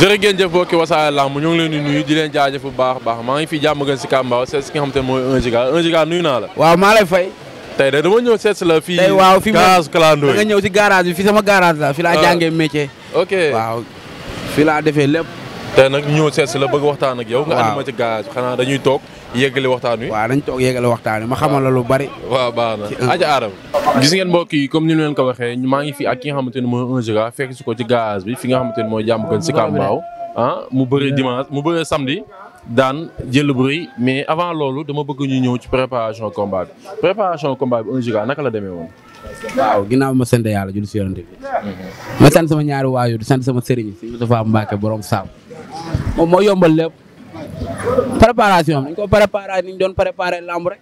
jërë ngeen jëf bokki Wassare Lamb ñu ngi leen di nuyu di leen jaajëf bu baax baax maa ngi fi jàmm gën si Kambaaw seet si nga xam te mooy 1 Giga nuyu naa la waaw maa fay tey de dama ñëw seet la waaw fi garage clando nga ñëw si garage bi fi sama garage la fi laa ah. jàngee métier ok waaw fi laa defee lépp tey nag ñëw seet si la bëgg waxtaan ak yow. nga andi dañuy toog yeggali waxtaan wi. waaw dañ toog yeggali waxtaan wi ma xamal la lu bari. waa baax na aja aaram gis ngeen mbokk yi comme ni leen ko waxee maa ngi fi ak ki nga xamante ne mooy 1 Giga fekk si ko ci garage bi fi nga xamante ne mooy jàmm gën si Kambaaw ah mu bëree dimanche mu bëree samedi daan jël bu rëy mais avant loolu dama bëgg ñu ñëw ci préparation combat bi préparation combat bi 1 Giga naka la demee woon. waaw ginnaaw ma sant yàlla julli si yonent bi mm-hmm. ma sant sama ñaari sama sëriñ si borom Sam moom moo yombal lépp préparation bi ñu ko préparé ni ñu doon préparé làmb rek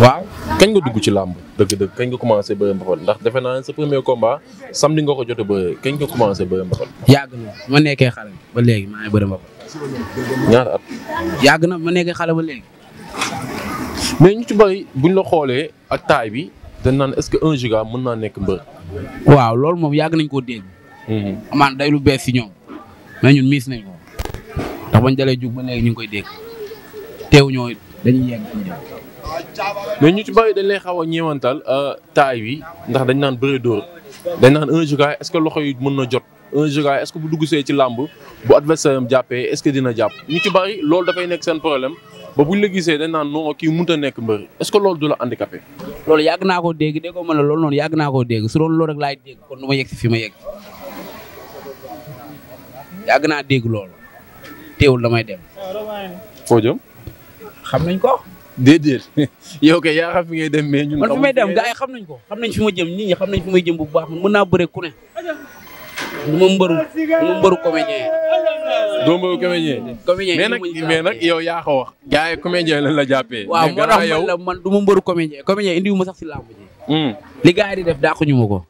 waaw. kañ nga dugg ci làmb dëgg-dëgg kañ nga commencé bëre mbapat ndax defe naa sa premier combat samedi nga ko jot a bëre kañ nga commencé bëre mbapat. yàgg na ma nekkee xale ba léegi maa ngi bëre mbapat. ñaata at. yàgg na ma nekkee xale ba léegi. mais ñu ci bëri buñ la xoolee ak taay bi dañ naan est-ce que un giga mën naa nekk mbër. waaw loolu moom yàgg nañ koo dégg. Mm-hmm. amaan mais ñun miis nañ ko ndax bañ dalee jug ba léegi ñu ngi koy dégg teew ñoo dañuy yegg dañuy ñu ci bari dañ lay xaw a ñeewantal euh, taay wi ndax dañ naan bëre dóor dañ naan un jugaay est-ce mën na jot un jugaay ci làmb bu adversaire jàpp ñu ci bari loolu dafay nekk seen problème. ba a nekk mbër est-ce que loolu du la handicapé. loolu yàgg naa koo dégg déggoo ma ne loolu noonu yàgg naa koo dégg su doon loolu fi ma yegg yàgg naa dégg loolu teewul damay dem. foo jëm. xam nañ ko. déedéet yow kay yaa xam fi ngay dem mais ñun. man fi may dem gars xam nañ ko xam nañ fi ma jëm nit ñi xam nañ fi may jëm bu baax man mën naa bëre ku ne. du ma mbëru du ma mbëru comédien. doo mbëru comédien. comédien mais nag yow yaa ko wax. gars yi comédien lan la jàppee. waaw moo tax man la man du ma mbëru comédien ma sax si làmb ji. Hmm. li gars yi di def dàqu ñu ko.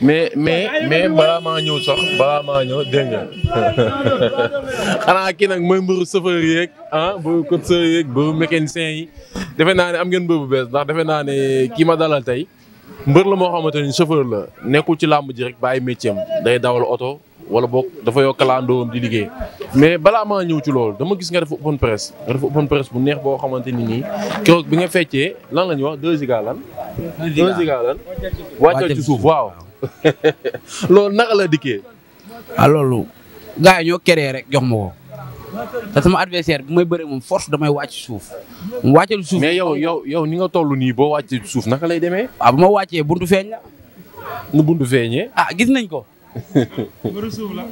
mais mais mais balaa maa ñëw sax balaa maa ñëw dégg nga xanaa kii nag mooy mbëru chauffeur yeeg ah mbëru cotiseur yeeg mbëru mécanicien yi. defe naa ne am ngeen mbër bu bees ndax defe naa ne kii ma dalal tey mbër la moo xamante ni chauffeur la nekkul ci làmb ji rek bàyyi métier day dawal oto wala boo dafa yokk kalandoom di liggéey. mais balaa maa ñëw ci loolu dama gis nga def open press nga def open press bu neex boo xamante ni nii keroog bi nga feccee lan la ñuy wax 2 giga lan. 2 waaw. loolu naka la dikkee. ah loolu gars yi ñoo créé rek jox ma ko te sama adversaire bu may bëree moom force damay wàcc suuf mu wàcceel suuf. mais yow yow yow ni nga toll nii boo wàccee suuf naka lay demee. waaw ah, bu ma wàccee buntu feeñ la. nu buntu feeñee. ah gis nañ ko.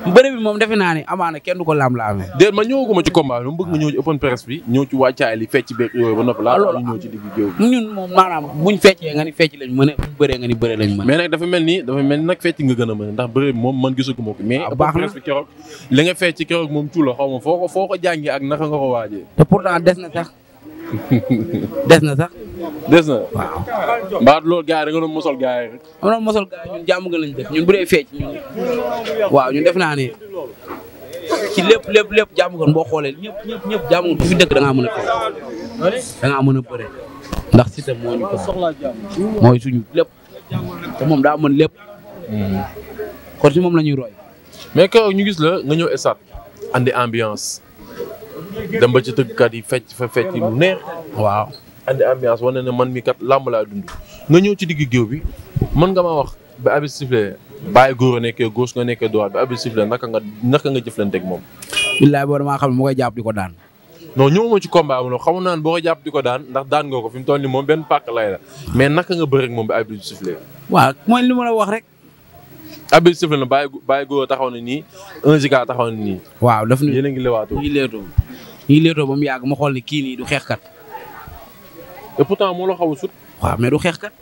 mbëri bi moom defe naa ne amaana kenn du ko laam laamee. déedéet ma ñëwaguma ci combat bi mu bëgg nga ñëw ci open press bi. ñëw ci wàccaay li fecc beeg yooyu ba noppi. Ah, loolu ñëw ci digg géew bi ñun moom maanaam buñ feccee nga ni fecc lañ mën a buñ bëree nga ni bëre lañ mën mais nag dafa mel ni dafa mel ni nag fecc nga gën a mën ndax bëre moom man gisaguma ko. mais ah, open press bi fecc keroog moom cuula xaw ma foo ko foo ak naka nga ko waajee. te pourtant des na sax na sax des na waaw. mbaa loolu gaar yi da nga doon mosal gars yi rek. nga doon mosal ñun jàmm def ñun bu dee feec waaw ñun def naa ni ci lépp lépp lépp jàmm nga boo xoolee ñëpp ñëpp ñëpp nga fi dëkk da ngaa mën a da ngaa a bëre ndax Siteu moo ñu ko mooy suñu moom daa mën lépp. kon si moom lañuy ñuy roy. mais kaw ñu gis la nga ñëw stade andi ambiance dem ba ci tëggkat yi fecc fa fecc mu neex waaw. andi ambiance wane ne man mi kat làmb dund nga ñëw ci digg géew bi man nga ma wax ba abis sifle bàyyi góor a nekkee gauche nga nekkee droite ba abis sifle naka nga naka nga jëflanteeg moom billaay boo damaa xam ne mu koy ko daan non ñëwuma ci combat am noonu xamu naan boo jàpp di ko daan ndax daan nga fi mu toll ni moom benn la mais naka nga ba abis sifle waaw ma la wax rek abis sifle na bàyyi góor a taxaw na nii un giga taxaw na nii waaw daf ñu yéen a ngi leewaatoo leetoo ngi leetoo ba mu yàgg ma xool ni kii nii du xeex kat et pourtant moo la xaw sut. waaw mais du xeex kat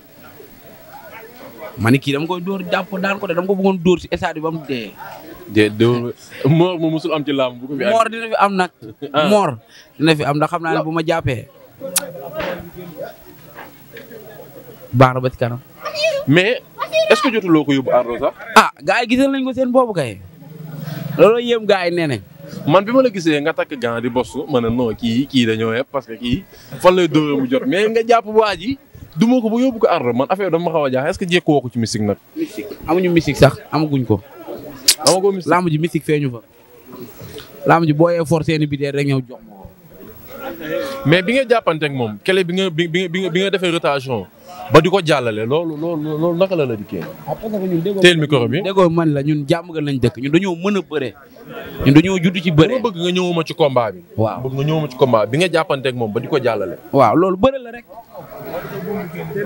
ma ne kii dam koy dóor jàpp daan ko dam dama ko bëggoon dóor si stade bi ba mu dee. de de Mor moom am ci làmb bu ko fi. am ah. na xam naa ne bu ma jàppee. baax na ba ci kanam. mais est-ce que jotuloo ko yóbbu sax. ah gars yi gisal nañ ko seen boobu kay. looloo yéem gars yi nee nañ man bi ma la gisee nga takk gant di bosu ma ne non kii kii dañoo yëpp parce que kii fan lay jot mais nga jàpp waa ji duma ko ba yóbbu ko ardo man affaire dama ma a jaax est-ce que jékku woo ko ci mystique nag. mystique amuñu mystique sax amaguñ ko. amaguñ mystique laamu ji mystique feeñu fa. laamu ji booyee forcé ni bi dee rek ñëw jox mais bi nga jàppanteeg moom kele bi nga bi nga bi nga defee rotation. ba di ko jàllale loolu loolu loolu naka la la dikkee. teel micro bi déggoo man la ñun jàmm gan lañ dëkk ñun dañoo mën a bëre. ñun dañoo judd ci bëre. bëgg nga ñëwuma ci combat bi. waaw bëgg nga ñëwuma ci combat bi nga jàppanteeg moom ba di ko jàllale. waaw loolu bëre la rek.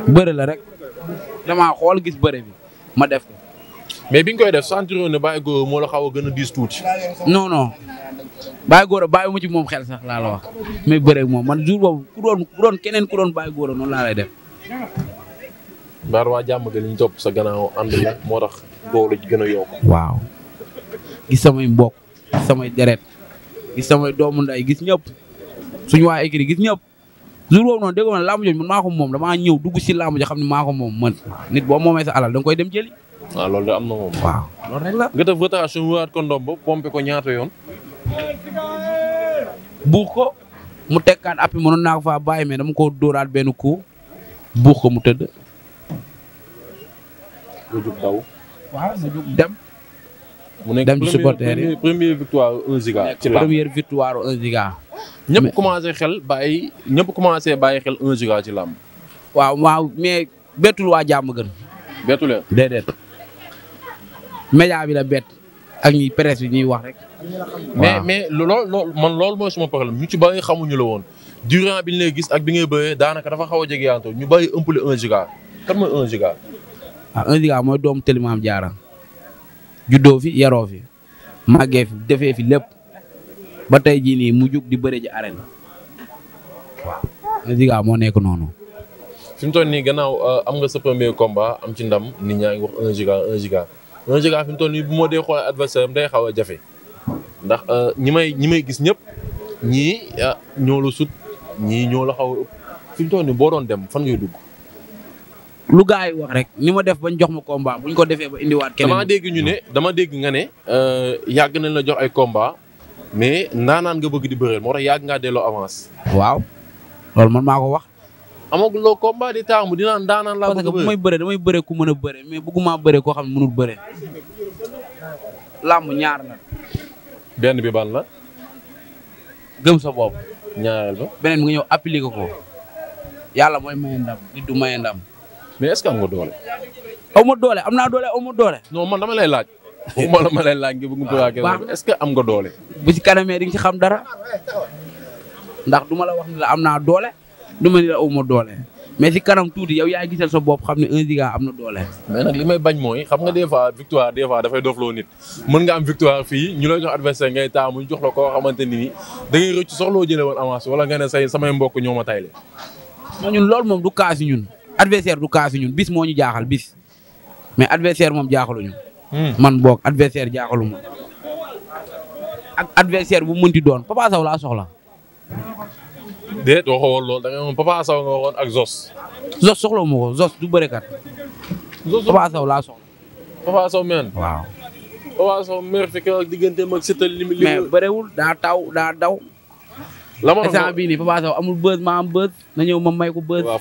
bëre la rek. damaa xool gis bëre bi ma def ko. mais bi nga koy def sentir ne Baye moo la xaw gën a diis tuuti. non non Baye mu ci moom xel sax laa la wax mais bëre moom man jour boobu ku doon ku doon keneen ku doon Baye Gora noonu laa lay def. mbaar waa jàmm gi liñ topp sa gannaaw ànd la moo tax doole gën a yokk waaw gis samay mbokk gis samay deret gis samay doomu nday gis ñëp suñu waa écrit gis ñëpp jour boobu noonu déggoo na laamu jooju man maa moom damaa ñëw dugg si laamu jo xam ne maa ko moom nit boo moomee sa alal da koy dem jëli waaw loolu de am na moom waaw loolu rek la nga ko ndomb ba ko ñaata yoon buux ko mu tekkaat appi mënoon naa ko faa bàyyi dama ko dóoraat benn coup buux ko mu tëdd. mu dem. mu nekk dem ci victoire 1 Giga. ci la première victoire 1 commencé xel bàyyi ñëpp commencé bàyyi xel 1 ci làmb. waaw waaw mais bettul waa jàmm gën. bettu leen déedéet. média bi la bett ak ñi presse bi ñuy wax rek. mais mais loolu man loolu mooy suma problème ñu ci bari xamuñu la woon. durant bi ñu lay gis ak bi ngay bëree daanaka dafa xaw a jegeyaantoo ñu bàyyi ëmpale un giga kan mooy un giga ah, mooy doom tëlimaam jaara juddoo fi yaroo fi màggee fi defee fi lépp ba tey jii nii mu jug di bëre ji arène waaw moo nekk noonu fi mu toll nii gannaaw euh, am nga sa premier am ci ndam nit ñaa ngi wax un giga un giga un giga nii bu moo dee xool adversaire am day xaw a jafe ndax euh, ñi may gis ñëpp ñii ah, ñoo sut ñii ñoo la xaw a ëpp nii boo doon dem fan ngay dugg. lu gars yi wax rek ni ma def bañ jox ma komba buñ ko defee ba indiwaat. keneen dama dégg ñu ne dama dégg nga ne. Euh, yàgg nañ la jox ay combat mais naan nga bëgg di bëreel moo tax yàgg ngaa delloo avance. waaw loolu man maa ko wax. amaguloo combat di taamu dinaa daanaan la a bëre parce may bëre damay bëre ku mën a bëre mais bëgguma bëre koo xam ne mënul ñaar la. benn bi ban la. gëm sa bopp. ñaareel ba. beneen mu nga ñëw appliqué ko yàlla mooy maye ndam du maye ndam. mais est ce que am nga doole. aw ma doole am naa doole aw ma doole. non man dama lay laaj. ma la ma lay laaj nga bëgg mu est ce que am nga doole. bu si kanamee di nga ci xam dara ndax du ma la wax ni am naa doole du ma ni la aw ma doole. mais si kanam tuuti yow yaay gisal sa bopp xam ne un Giga am na doole. may bañ mooy xam nga des fois victoire des fois dafay dofloo nit. mën nga am victoire fii ñu lay jox adversaire ngay taamu ñu jox la koo xamante ni da ngay jëlee woon avance wala nga ne say samay mbokk ñoo ma tayle. ñun loolu moom du kaas si ñun. adversaire du kaas si ñun bis moo ñu jaaxal bis mais adversaire moom jaaxaluñu. Hmm. man boog adversaire jaaxaluma ak adversaire bu mënti doon Papa Sow laa soxla. déet waxoo woon loolu da nga moom Papa Sow nga waxoon ak Zos. Zos soxla ma ko Zos du bërekat. Zos Papa Sow laa soxla. Papa Sow meen. waaw. Papa Sow meer fi keroog digganteem ak Siteu li mais daa taw daa daw. la ma instant bii nii Papa Sow amul bës maa am bës na ñëw ma may ko bës. waaw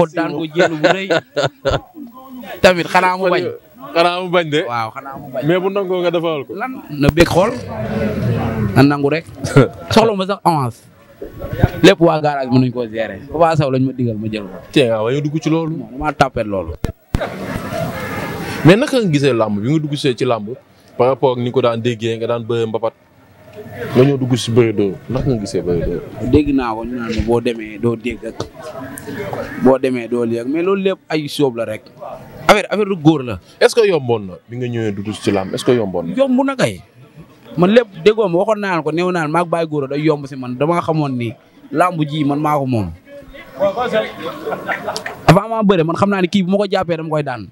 ko daan ko jël bu rëy. tamit xanaa mu bañ. de. waaw xanaa mu bañ mais bu nangoo nga defal ko. lan na bëgg xool na nangu rek soxla ma sax avance. lépp waa garage mënuñ koo gérer Papa Sow lañ ma digal ma jël ko. tey a waaye dugg ci loolu. non damaa tàppet loolu. mais naka nga gisee làmb bi nga dugg see ci làmb par rapport ni nga ko daan déggee nga daan bëree mbapat nga ñëw dugg si bëri dóor naka nga gisee dégg naa ko ñu naan boo demee doo dégg ak boo demee doo léeg mais loolu lépp ay sóob la rek affaire affaire du góor la. est-ce que yomboon na bi nga ñëwee dugg ci làmb est-ce que yomboon na. yomb na kay. man lépp déggoo ma waxoon naa ko néew naa maa bàyyi góor day yomb si man dama xamoon ni làmb ji man maa ko moom. avant maa bëre man xam naa ne kii bu ma ko jàppee dama koy daan.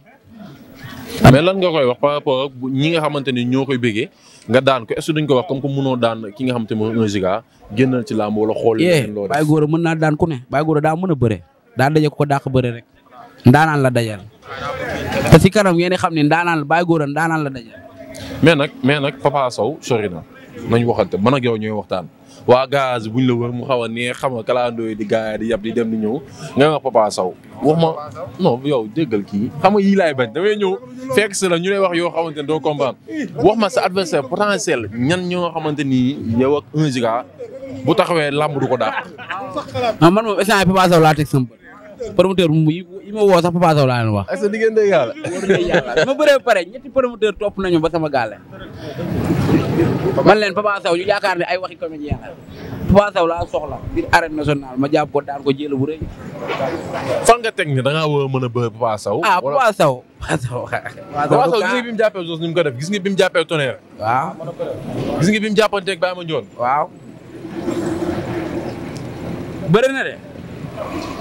mais lan nga koy wax par ñi nga xamante ni ñoo koy bëggee nga daan ko est-ce ko wax comme que munoo daan ki nga xamante ne mooy Ziga génnal ci làmb wala xool. Eh, loo def bàyyi góor mën naa daan ku ne bàyyi góor daa mën a bëre daa daje ko dàq bëre rek ndaanaan la dajal mais nag mais nag Papa Sow sori na nañ waxante man ak yow ñooy waxtaan waa gaz buñ la wër mu xaw a neex xam nga kalandoo di gaay di yab di dem di ñëw nga wax Papa Sow wax ma non yow déggal kii xam nga yii laay bañ damay ñëw fekk la ñu lay wax yoo xamante ne doo comprendre wax ma sa adversaire potentiel ñan ñoo xamante ni yow ak un bu taxawee làmb du ko dàq. Ah, man moom instant Papa Sow laa teg sama promoteur mu yi ma woo sax Papa Sow laa leen wax. ak sa diggante ma bëree pare ñetti promoteur topp nañu ba sama gaale. man leen Papa Sow ñu yaakaar ne ay waxi comédien la Papa Sow laa soxla biir arène nationale ma jàpp ko daan ko jël bu rëy. fan nga teg ni da ngaa war a mën a bëre Papa Sow. ah Papa Sow. Papa Sow gis nga bi mu jàppee Zoss ni ko def gis nga bi mu jàppee Tonnerre. waaw gis nga bi mu jàppanteeg Baye Mandione. na de.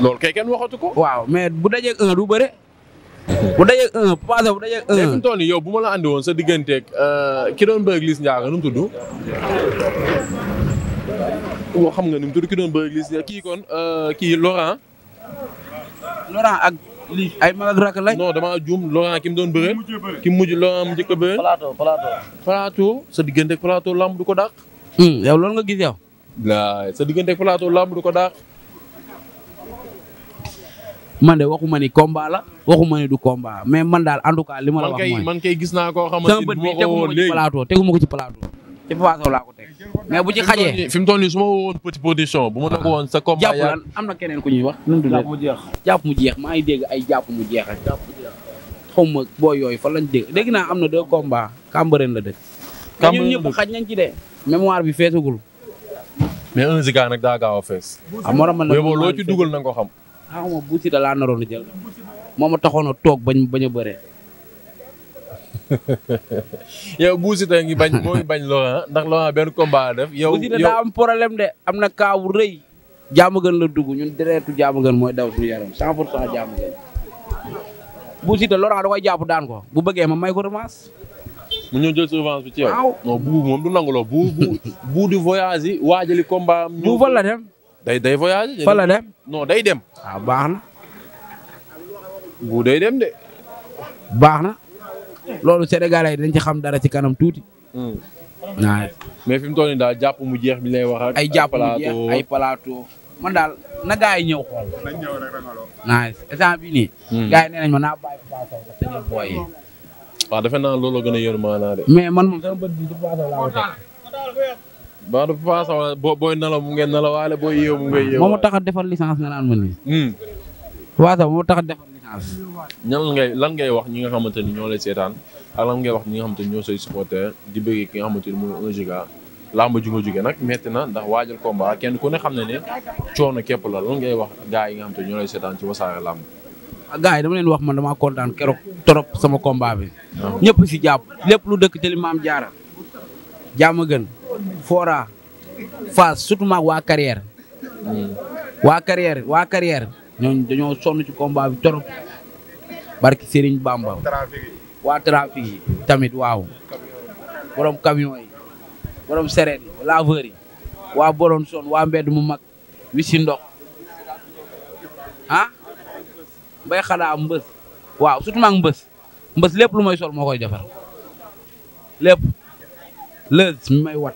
loolu kay kenn waxatu ko. waaw mais bu dajeeg un du bëre. bu dajeeg un passé bu dajeeg un. tey fi mu yow bu ma la andi woon sa digganteeg euh, ki doon bëgg Liss Ndiago nu mu tudd. xam nga ni mu tudd ki doon bëgg Liss kii kon euh, kii Laurent. Laurent ak. lii ay mag ak rakk lañ. non damaa juum Laurent ki mu doon bëre. ki mujj Laurent mu njëkk a bëre. sa digganteeg plateau lamb du ko dàq. Hmm, yow loolu nga gis yow. sa digganteeg plateau lamb du ko dàq. man de waxuma ni combat la waxuma ni du combat mais man daal en tout cas li ma la wax mooy man kay gis naa ko woo a sama bët bi teguma ko ci plateau ci Papa Sow laa mais bu ci xajee. fi mu toll nii su ma woon petit production bu ma ah. nekk woon sa combat yaa am na keneen ku ñuy wax. nu mu tuddee jàpp mu jeex. jàpp mu jeex maa ngi dégg ay jàpp mu jeex ak. jàpp mu jeex xaw ma boo yooyu fan lañ dégg dégg naa am na deux combats Cambérène la dëkk. Cambérène la xaj nañ ci de. mémoire bi feesagul. mais un Ziga nag daa gaaw a fees. ah moo tax la loo ci dugal na ko xam xawma Bou Siteu laa jël moo ma taxoon a toog bañ bañ a bëree. yow Bou ngi bañ moo ngi bañ Laurent ndax Laurent benn combat def. yow Bou Siteu daa am de am na cas bu rëy. jaamu gën la dugg ñun deretu jaamu gën mooy daw suñu yaram 100 pour cent jaamu gën. Bou Siteu Laurent da koy jàpp daan ko bu bëggee ma may ko revanche. mu ñëw jël revanche bi ci yow. waaw non moom du nangu loo Bou di voyage waajali combat. Bou fan dem. day day voyage. fa la dem non day dem. waaw ah, baax na. bu day dem de. baax na. loolu Sénégalais yi dañ ci xam dara ci kanam tuuti. Hmm. naa mais fi mu toll daal jàpp mu jeex bi lay wax ay jàpp mu jeex ay plateau man daal na gaa yi ñëw xool. nañ ñëw rek rangaloo. Hmm. yi nee nañ ma naa bàyyi Papa sax te ñu booy. man moom sama bët bi ci Papa Sow laa ko teg. baa du Papa Sow boo booy nelaw mu ngeen nelaw waale booy yeewu mu ngay yeewu. moom moo tax a defal licence nga naan ma nii. Papa hmm. Sow moo tax a defal licence. ñan ngay lan ngay wax ñi nga xamante ni ñoo lay seetaan ak ngay wax ñi nga xamante ni ñoo say supporter di bëggee ki nga xamante ni mooy un giga làmb ji nga jógee nag metti na ndax waajal combat kenn ku ne xam ne ne coono képp la lan ngay wax gars yi nga xamante ni ñoo lay seetaan ci wasaare làmb. Ah, gars yi dama leen wax man damaa kontaan keroog trop sama combat bi. Ah. ñëpp si jàpp lépp lu dëkk te maam jaara jaama gën Fora Fass surtout maag waa carrière hmm. waa carrière waa carrière ñooñu dañoo sonn ci combat bi torop barki Serigne Bamba waa trafic tamit waaw borom camion yi borom seret yi laveur yi waa borom mbedd mu mag wi si ndox ah mbay xadaa mbës waaw surtout maag mbës mbës lépp lu may sol moo koy defar lépp lëz may wat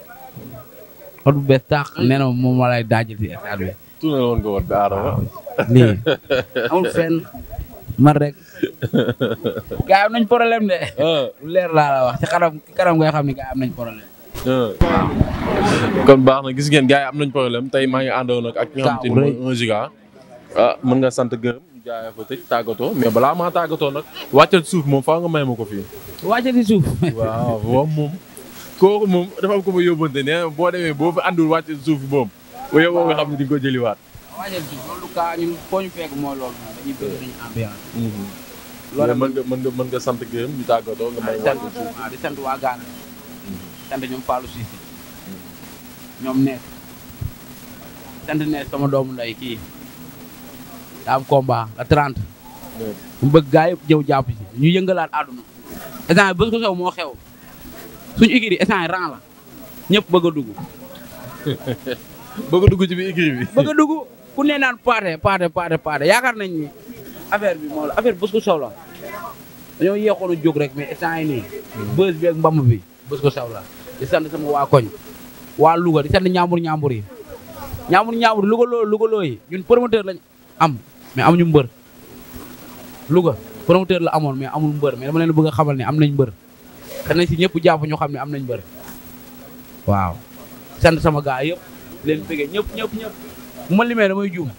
xot bu bees taax nee moom ma lay daajal ci stade bi. woon nga woon daara lii amul fenn man rek. gaa am nañ problème de. Ah. lu leer laa la wax ci kanam ci xam ne gaa am nañ problème. Ah. baax na gis ngeen gaa yi am nañ problème tey maa ngi àndoon ak. ak ñoo xam te ne mooy 1 ah, mën nga sant gërëm ñu jaayee fa tëj tàggatoo mais balaa maa tàggatoo nag wàccal suuf moom faa nga may ma ko fii. wàccal ci suuf. waaw moom. kooku moom dafa ko ma yóbbante nee na boo demee boo fi àndul wàcc suuf bi moom bu yóbboo nga di ko jëliwaat waajal ji loolu kaa ñu fekk mooy loolu dañuy mhm. mën nga mën nga sant gërëm ñu tàggatoo nga may ah, waajal suuf waaw di sant waa Gaana mhm. sant ñoom Fallou Cissé mhm. ñoom nees sant nees sama doomu lay kii daa am combat la 30 mu bëgg gaa yëpp jëw jàpp ci ñu yëngalaat àdduna état bëgg ko xew moo xew suñ écurie instant rang la ñëpp bëgg a dugg. bëgg a dugg ci biir écurie bi. bëgg a ku ne naan paate paate paate paate yaakaar nañ ni affaire bi moo la affaire bës ko saw la jóg rek mais instant yi nii. bës bi ak mbamb bi bës ko saw la di sant sama waa koñ waa Louga di sant ñaambur ñaambur yi ñaambur ñaambur Louga loo Louga loo yi ñun promoteur lañ am mais amuñu mbër Louga promoteur la amoon mais amul mbër mais dama leen bëgg a xamal ne am nañ mbër. xanaa si ñëpp jàpp ñu xam ne am nañ mbër waaw sant sama gaa yëpp leen bëggee ñëpp ñëpp ñëpp bu ma limee juum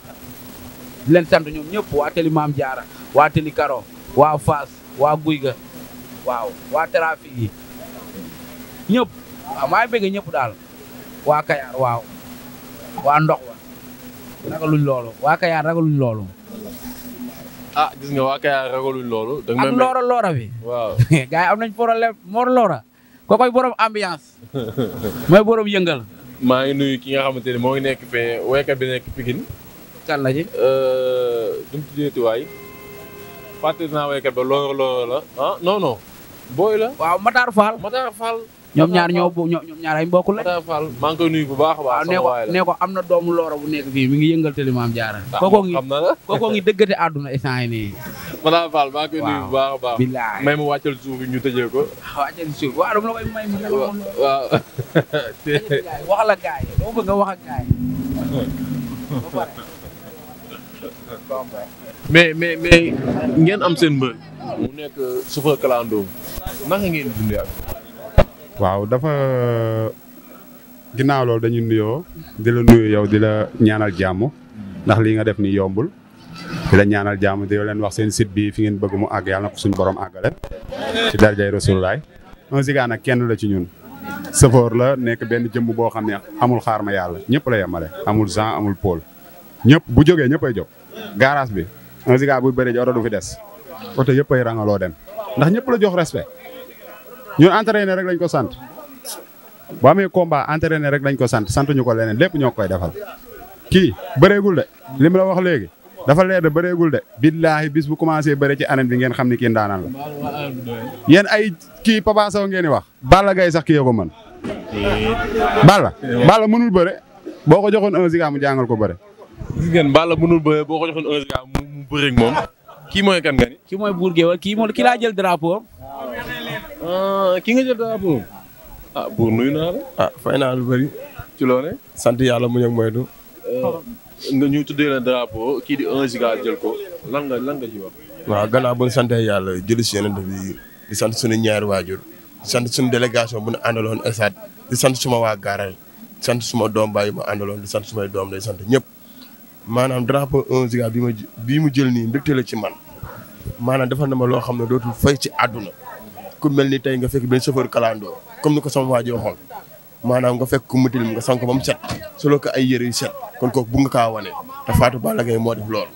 leen sant ñoom ñëpp waa tëli maam jaara waa tëli karo waa faas waa guy ga waaw waa trafic yi ñëpp waaw maa ngi ñëpp daal waa kayaar waaw waa ndox wa ragaluñ loolu waa kayaar ragaluñ loolu ah gis nga waa Kayar ragalul loolu. da ak Loora Loora bi. waaw gars yi am nañ problème Mor Loora. ko koy borom ambiance. mooy borom yëngal. maa ngi nuyu ki nga xamante ne moo ngi nekk fee waykat bi nekk Pikine. kan la ci. du euh, mu tuddee waay. naa waykat ba Loora Loora la ah booy la waaw Matar Fall ñoom ñaar ñoo ñoom ñaar ay mbokk lañ. maa ngi bu baax a baax. sama waay la ne ko am na doomu loora bu nekk fii mi ngi yëngal tëli maam jaara. kookoo ngi dëggate àdduna instant nii. Mata Fall maa ngi bu baax a baax. bilaay may ma wàccal suuf ñu tëjee ko. wàccal suuf waaw dama la koy may mu ne mais mais ngeen am seen mbër. mu nekk chauffeur clando naka ngeen dundee ak. waaw dafa ginnaaw loolu dañu nuyoo di la yow di la ñaanal jàmm ndax lii nga def ni yombul di la ñaanal jàmm di leen wax seen site bi fi ngeen bëgg mu àgg yàlla na ko suñu borom àggale ci darajay Rasulullaay un Ziga nag kenn la ci ñun sëfoor la nekk benn jëmm boo xam ne amul xaar ma yàlla ñëpp la yemale amul Jean amul Paul ñëpp bu jógee ñëpp ay jóg garage bi un Ziga buy bëri ji du fi des oto yëpp ay rangaloo dem ndax ñëpp la jox respect ñu entraîné rek lañ ko sant bu amee combat entraîné rek lañ ko sant santuñu ko leneen lépp ñoo koy defal. kii bëreegul de li mu la wax léegi dafa leer de bëreegul de billaahi bis bu commencé bëre ci arène bi ngeen xam ni kii ndaanaan la yéen ay kii Papa Sow ngeen di wax. Balla Gaye sax kii ko mën. Balla Balla mënul bëre boo ko joxoon un ziga mu jàngal ko bëre. gis ngeen Balla mënul bëre boo ko joxoon un mu bëre ak moom. kii mooy kan nga ni. kii mooy Bour Gueweul kii mooy ki laa jël drapeau Ah, ki nga jël daa buur. ah buur nuyu naa ah fay naa lu bëri. ci loone sant yàlla mu ñëw moytu. Ah, nga ñu tuddee la kii di 1 giga jël ko lan nga lan nga ci wax. waaw gannaaw bu ñu sant yàlla jël si yeneen bi di sant suñu ñaari waajur di sant suñu délégation bu ñu àndaloon Esat di sant suma waa Garañ di sant suma doom baay ma àndaloon di sant suma doom day sant ñëpp maanaam drapeau 1 giga ma bii mu jël nii mbégte la ci man maanaam dafa na ma loo xam ne dootul fay ci àdduna. ku mel ni tey nga fekk benn chauffeur kalandoo comme ni ko sama waa ji maanaam nga fekk ku nga sang ko ba mu set solo ko ay yëre yu set kon kooku bu nga kaa wane te Fatou Balla Gaye moo def loolu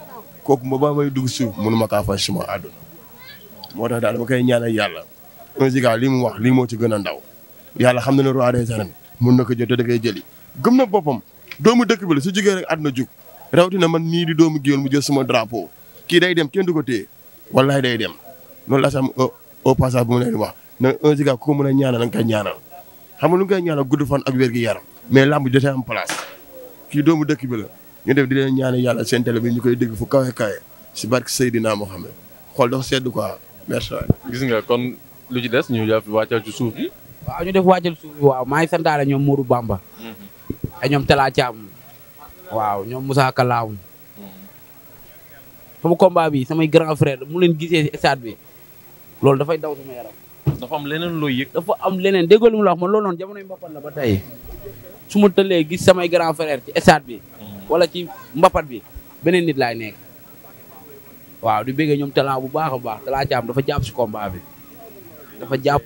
kooku ba ba may dugg suuf mënu ma kaa fay suma àdduna moo tax daal dama koy ñaanal yàlla un giga lii mu wax lii moo ci a ndaw yàlla xam na ne roi des arènes mun na ko jot te da koy jëli gëm na boppam doomu dëkk bi la su jógee rek àdduna jug rawatina man nii di doomu géwél mu jël suma drapeau kii day dem kenn du ko téye day dem loolu la sam au passage bu mu leen wax na 1 giga ku ko mën a ñaanal nga koy ñaanal xam nga lu gudd fan ak wér yaram mais làmb jotee am place kii doomu dëkk bi la ñu def di leen ñaanal yàlla seen télé bi ñu koy dégg fu kawe kawe si barke Seydina Mohamed xool dafa sedd quoi merci. gis nga kon lu ci des ñu def wàccal ci suuf bi. waaw ñu def wàccal suuf bi waaw maa ngi santaale ñoom Modou Bamba. Mm-hmm. ak ñoom Talla Thiam. waaw ñoom Moussa Kalaam. Mm-hmm. sama combat bi samay grand frère mu leen gisee si bi. loolu dafay daw sama yaram. dafa am leneen looy yëg. dafa am leneen déggoo lu mu la wax man loolu noonu jamonoy mbapat na ba tey su ma tëlee gis samay grand frère ci stade bi. Mm. wala ci mbapat bi beneen nit laay nekk. waaw di bëggee ñoom talent bu baax a baax talaa jàpp dafa jàpp si combat bi dafa jàpp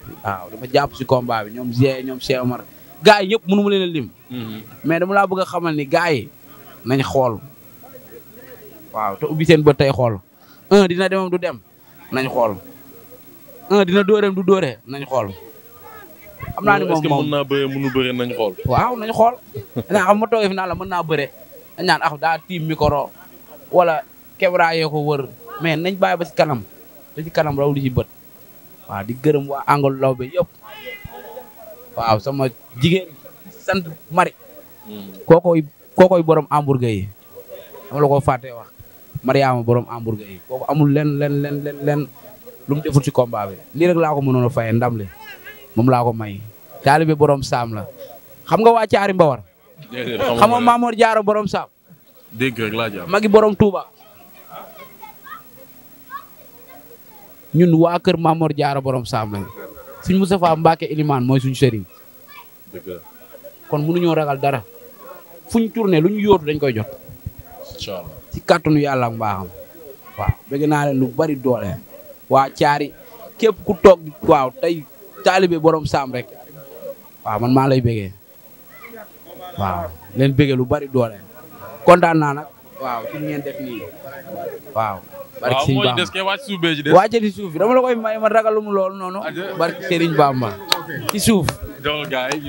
dafa jàpp si combat bi ñoom Zia ñoom Cheikh Omar gars yi yëpp mënu ma leen a lim. Mm-hmm. mais dama laa bëgg a xamal ni gars yi nañ xool waaw te ubbi seen bët tey xool dina demam du dem nañ xool. un dina dóoreem du dooree nañ xool. am naa ni moom moom est-ce que mën naa bëree nañ xool. waaw nañ xool. dinaa xam ma toogee fi naan la mën naa bëre. dañ naan ah daa tiim micro wala kebra yee ko wër mais nañ bàyyi ba ci kanam te ci kanam raw li ci bët. waaw di gërëm waa Angle Lawbe yëpp. waaw sama jigéen sant Marie. Hmm. kookoy kookoy borom hamburger yi. dama ko fàttee wax. Mariama borom hamburger yi kooku amul len len len. lu mu deful ci combat bi lii rek laa ko mënoon a fayee ndam le moom laa ko may. taalibe borom saam la xam nga waa caari Mbawar. xam nga Maamoor jaaro borom saam. dégg rek magi borom Touba. ñun waa kër Maamoor jaaro borom saam lañu suñ Moustapha Mbacke Elimane mooy suñu sëriñ. dëgg kon mënuñoo ragal dara fuñ turne lu ñu yóotu dañ koy jot. incha allah ci kàttanu yàlla ak mbaaxam. naa leen lu bari doole. waa caari képp ku toog waaw tey taalibe borom saam rek waaw man maa lay bëggee waaw leen bëggee lu bari doole kontaan naa nag waaw ci ngeen def nii waaw. barke Serigne Bamba waaw wàcce suuf bi dama la koy may man ragalum loolu noonu. Ah, barke Serigne Bamba ci suuf.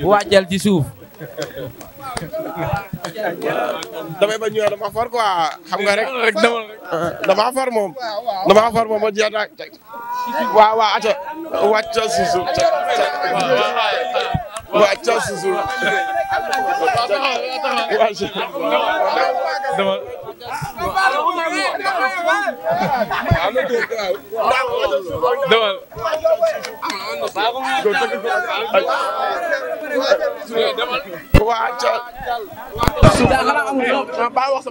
wàcceel ci suuf. damay ba ñëw dama far xam nga rek ah, dama far moom dama far moom ma jeex na waaw waaw aca wàcca suuf waa caw si suuf waaw waaw waaw waaw